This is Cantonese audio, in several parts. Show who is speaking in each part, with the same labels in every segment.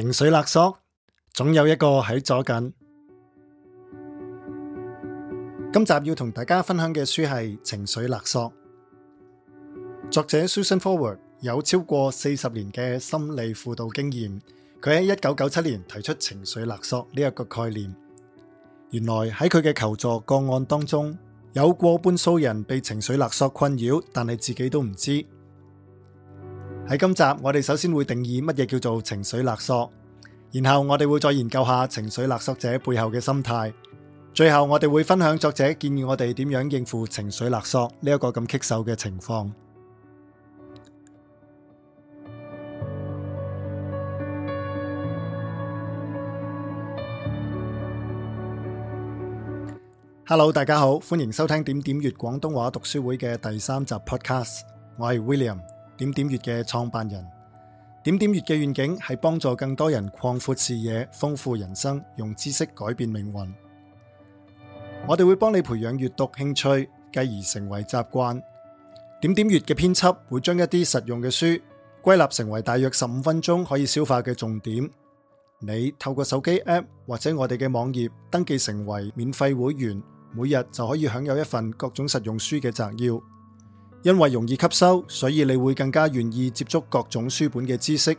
Speaker 1: 情緒勒索總有一個喺左近。今集要同大家分享嘅書係《情緒勒索》，作者 Susan Forward 有超過四十年嘅心理輔導經驗。佢喺一九九七年提出情緒勒索呢一個概念。原來喺佢嘅求助個案當中，有過半數人被情緒勒索困擾，但係自己都唔知道。喺今集，我哋首先會定義乜嘢叫做情緒勒索，然後我哋會再研究下情緒勒索者背後嘅心態，最後我哋會分享作者建議我哋點樣應付情緒勒索呢一個咁棘手嘅情況。Hello，大家好，歡迎收聽點點閱廣東話讀書會嘅第三集 Podcast，我係 William。點點閱嘅創辦人，點點閱嘅願景係幫助更多人擴闊視野、豐富人生，用知識改變命運。我哋會幫你培養閱讀興趣，繼而成為習慣。點點閱嘅編輯會將一啲實用嘅書歸納成為大約十五分鐘可以消化嘅重點。你透過手機 App 或者我哋嘅網頁登記成為免費會員，每日就可以享有一份各種實用書嘅摘要。因為容易吸收，所以你會更加願意接觸各種書本嘅知識，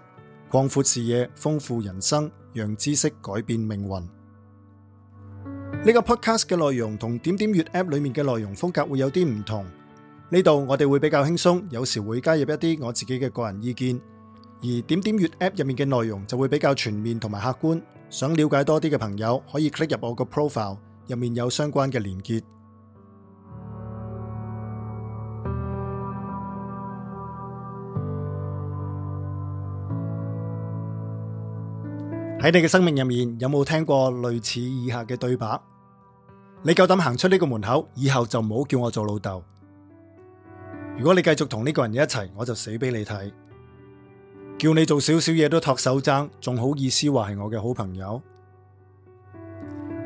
Speaker 1: 擴闊視野，豐富人生，讓知識改變命運。呢個 podcast 嘅內容同點點閱 app 裏面嘅內容風格會有啲唔同。呢度，我哋會比較輕鬆，有時會加入一啲我自己嘅個人意見，而點點閱 app 入面嘅內容就會比較全面同埋客觀。想了解多啲嘅朋友可以 click 入我個 profile，入面有相關嘅連結。喺你嘅生命入面，有冇聽過類似以下嘅對白？你夠膽行出呢個門口，以後就唔好叫我做老豆。如果你繼續同呢個人一齊，我就死俾你睇。叫你做少少嘢都托手踭，仲好意思話係我嘅好朋友？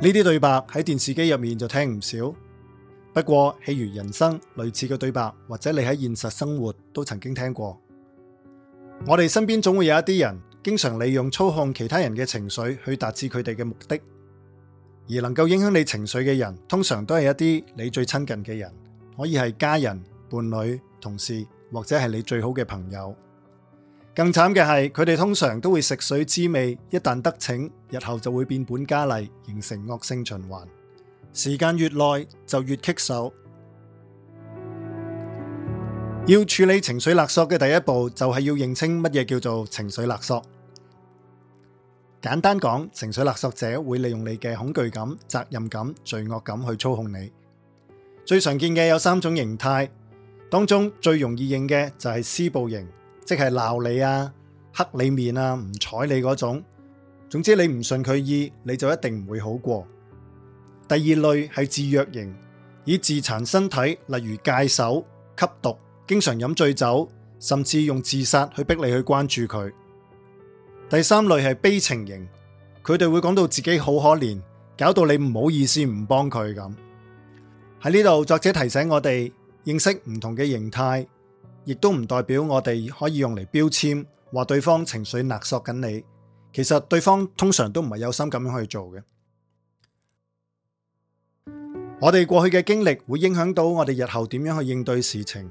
Speaker 1: 呢啲對白喺電視機入面就聽唔少，不過，譬如人生類似嘅對白，或者你喺現實生活都曾經聽過。我哋身邊總會有一啲人，經常利用操控其他人嘅情緒去達至佢哋嘅目的，而能夠影響你情緒嘅人，通常都係一啲你最親近嘅人，可以係家人、伴侶、同事或者係你最好嘅朋友。更慘嘅係，佢哋通常都會食水知味，一旦得逞，日後就會變本加厲，形成惡性循環，時間越耐就越棘手。要處理情緒勒索嘅第一步，就係、是、要認清乜嘢叫做情緒勒索。簡單講，情緒勒索者會利用你嘅恐懼感、責任感、罪惡感去操控你。最常見嘅有三種形態，當中最容易認嘅就係施暴型，即係鬧你啊、黑你面啊、唔睬你嗰種。總之你唔順佢意，你就一定唔會好過。第二類係自虐型，以自殘身體，例如戒手、吸毒，經常飲醉酒，甚至用自殺去逼你去關注佢。第三類係悲情型，佢哋會講到自己好可憐，搞到你唔好意思唔幫佢咁。喺呢度，作者提醒我哋認識唔同嘅形態，亦都唔代表我哋可以用嚟標籤，話對方情緒勒索緊你。其實對方通常都唔係有心咁樣去做嘅。我哋過去嘅經歷會影響到我哋日後點樣去應對事情。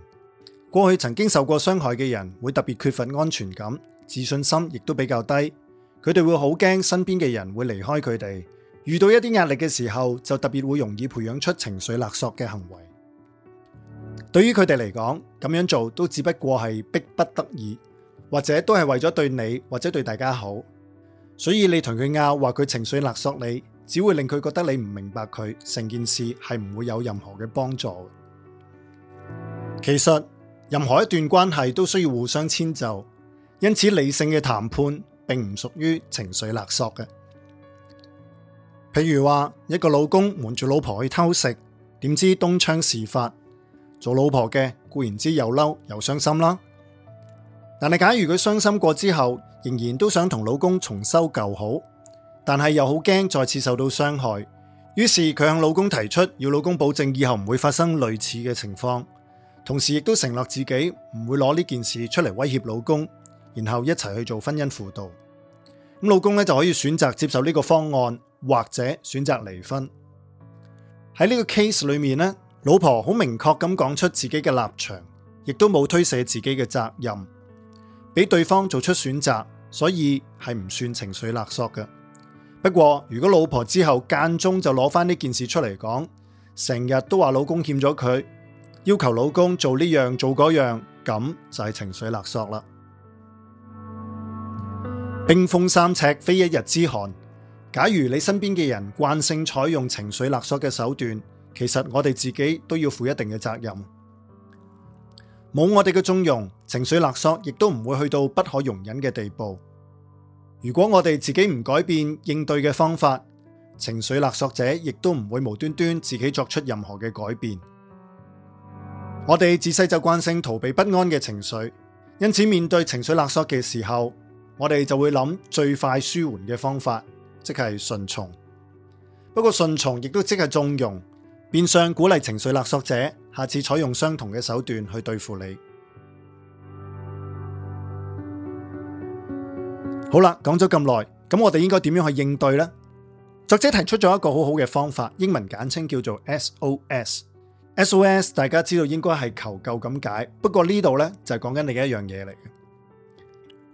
Speaker 1: 過去曾經受過傷害嘅人會特別缺乏安全感。自信心亦都比較低，佢哋會好驚身邊嘅人會離開佢哋，遇到一啲壓力嘅時候就特別會容易培養出情緒勒索嘅行為。對於佢哋嚟講，咁樣做都只不過係逼不得已，或者都係為咗對你或者對大家好。所以你同佢拗，話佢情緒勒索你，只會令佢覺得你唔明白佢，成件事係唔會有任何嘅幫助。其實任何一段關係都需要互相遷就。因此，理性嘅談判並唔屬於情緒勒索嘅。譬如話一個老公瞞住老婆去偷食，點知東窗事發，做老婆嘅固然之又嬲又傷心啦。但係假如佢傷心過之後，仍然都想同老公重修舊好，但係又好驚再次受到傷害，於是佢向老公提出要老公保證以後唔會發生類似嘅情況，同時亦都承諾自己唔會攞呢件事出嚟威脅老公。然後一齊去做婚姻輔導，咁老公咧就可以選擇接受呢個方案，或者選擇離婚。喺呢個 case 裏面咧，老婆好明確咁講出自己嘅立場，亦都冇推卸自己嘅責任，俾對方做出選擇，所以係唔算情緒勒索嘅。不過如果老婆之後間中就攞翻呢件事出嚟講，成日都話老公欠咗佢，要求老公做呢樣做嗰樣，咁就係情緒勒索啦。冰封三尺，非一日之寒。假如你身邊嘅人慣性採用情緒勒索嘅手段，其實我哋自己都要負一定嘅責任。冇我哋嘅縱容，情緒勒索亦都唔會去到不可容忍嘅地步。如果我哋自己唔改變應對嘅方法，情緒勒索者亦都唔會無端端自己作出任何嘅改變。我哋自細就慣性逃避不安嘅情緒，因此面對情緒勒索嘅時候，我哋就會諗最快舒緩嘅方法，即係順從。不過順從亦都即係縱容，變相鼓勵情緒勒索者下次採用相同嘅手段去對付你。嗯、好啦，講咗咁耐，咁我哋應該點樣去應對呢？作者提出咗一個好好嘅方法，英文簡稱叫做 SOS。SOS 大家知道應該係求救咁解，不過呢度呢就係講緊另一樣嘢嚟嘅。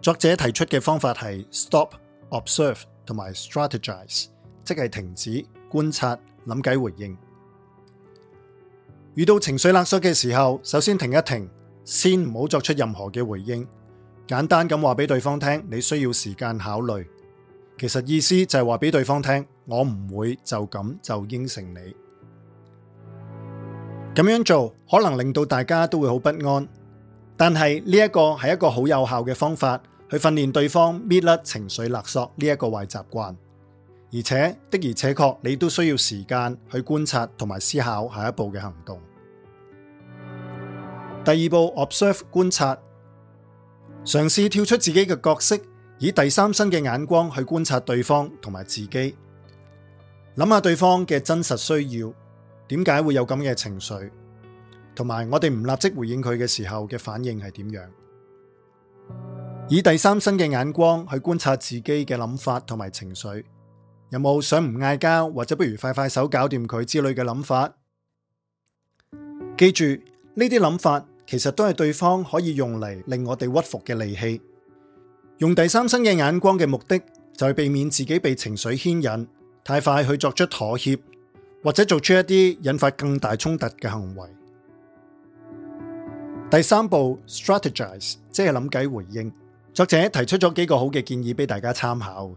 Speaker 1: 作者提出嘅方法係 stop、observe 同埋 strategize，即係停止、觀察、諗計、回應。遇到情緒勒索嘅時候，首先停一停，先唔好作出任何嘅回應。簡單咁話俾對方聽，你需要時間考慮。其實意思就係話俾對方聽，我唔會就咁就應承你。咁樣做可能令到大家都會好不安。但係呢一個係一個好有效嘅方法去訓練對方搣甩情緒勒索呢一個壞習慣，而且的而且確你都需要時間去觀察同埋思考下一步嘅行動。第二步 observe 觀察，嘗試跳出自己嘅角色，以第三身嘅眼光去觀察對方同埋自己，諗下對方嘅真實需要，點解會有咁嘅情緒。同埋，我哋唔立即回應佢嘅時候嘅反應係點樣？以第三身嘅眼光去觀察自己嘅諗法同埋情緒，有冇想唔嗌交，或者不如快快手搞掂佢之類嘅諗法？記住，呢啲諗法其實都係對方可以用嚟令我哋屈服嘅利器。用第三身嘅眼光嘅目的，就係避免自己被情緒牽引，太快去作出妥協，或者做出一啲引發更大衝突嘅行為。第三步，strategize，即係諗計回應。作者提出咗幾個好嘅建議俾大家參考。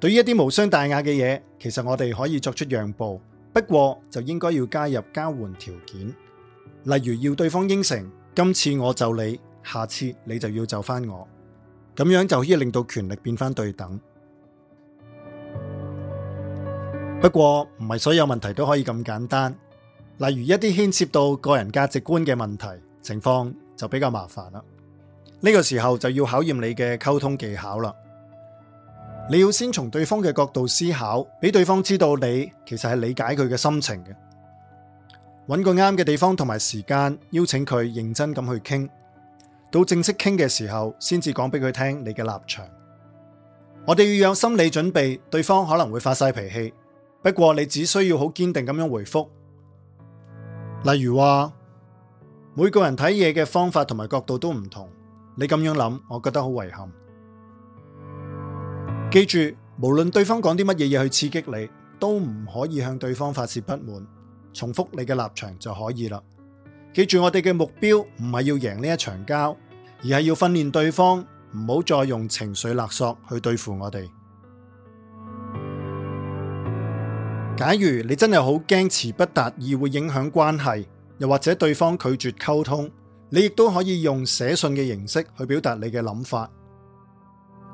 Speaker 1: 對於一啲無傷大雅嘅嘢，其實我哋可以作出讓步，不過就應該要加入交換條件，例如要對方應承，今次我就你，下次你就要就翻我，咁樣就可以令到權力變翻對等。不過唔係所有問題都可以咁簡單。例如一啲牽涉到個人價值觀嘅問題，情況就比較麻煩啦。呢個時候就要考驗你嘅溝通技巧啦。你要先從對方嘅角度思考，俾對方知道你其實係理解佢嘅心情嘅。揾個啱嘅地方同埋時間，邀請佢認真咁去傾。到正式傾嘅時候，先至講俾佢聽你嘅立場。我哋要有心理準備，對方可能會發晒脾氣。不過你只需要好堅定咁樣回覆。例如話，每個人睇嘢嘅方法同埋角度都唔同，你咁樣諗，我覺得好遺憾。記住，無論對方講啲乜嘢嘢去刺激你，都唔可以向對方發洩不滿，重複你嘅立場就可以啦。記住，我哋嘅目標唔係要贏呢一場交，而係要訓練對方唔好再用情緒勒索去對付我哋。假如你真係好驚詞不達意會影響關係，又或者對方拒絕溝通，你亦都可以用寫信嘅形式去表達你嘅諗法。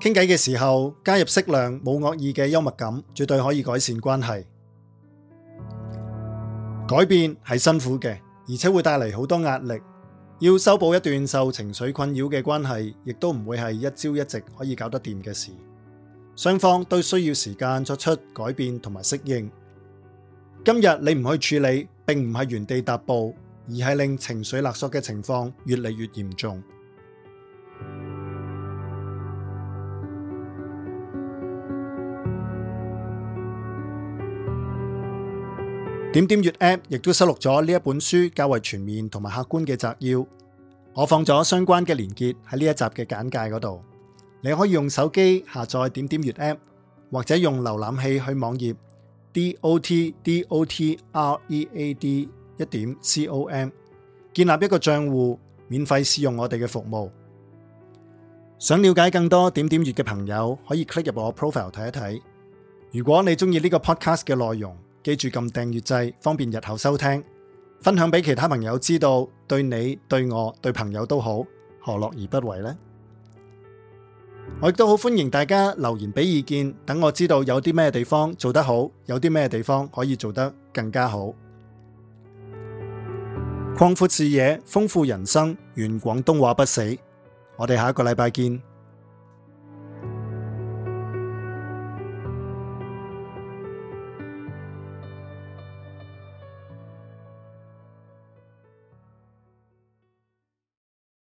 Speaker 1: 傾偈嘅時候，加入適量冇惡意嘅幽默感，絕對可以改善關係。改變係辛苦嘅，而且會帶嚟好多壓力。要修補一段受情緒困擾嘅關係，亦都唔會係一朝一夕可以搞得掂嘅事。雙方都需要時間作出改變同埋適應。今日你唔去處理，並唔係原地踏步，而係令情緒勒索嘅情況越嚟越嚴重。點點閱 App 亦都收錄咗呢一本書較為全面同埋客觀嘅摘要，我放咗相關嘅連結喺呢一集嘅簡介嗰度。你可以用手機下載點點閱 App，或者用瀏覽器去網頁。d o t d o t r e a d 一點 c o m，建立一個賬戶，免費試用我哋嘅服務。想了解更多點點閱嘅朋友，可以 click 入我 profile 睇一睇。如果你中意呢個 podcast 嘅內容，記住撳訂閱掣，方便日後收聽。分享俾其他朋友知道，對你對我對朋友都好，何樂而不為呢？我亦都好歡迎大家留言俾意見，等我知道有啲咩地方做得好，有啲咩地方可以做得更加好，擴闊視野，豐富人生，願廣東話不死。我哋下一個禮拜見。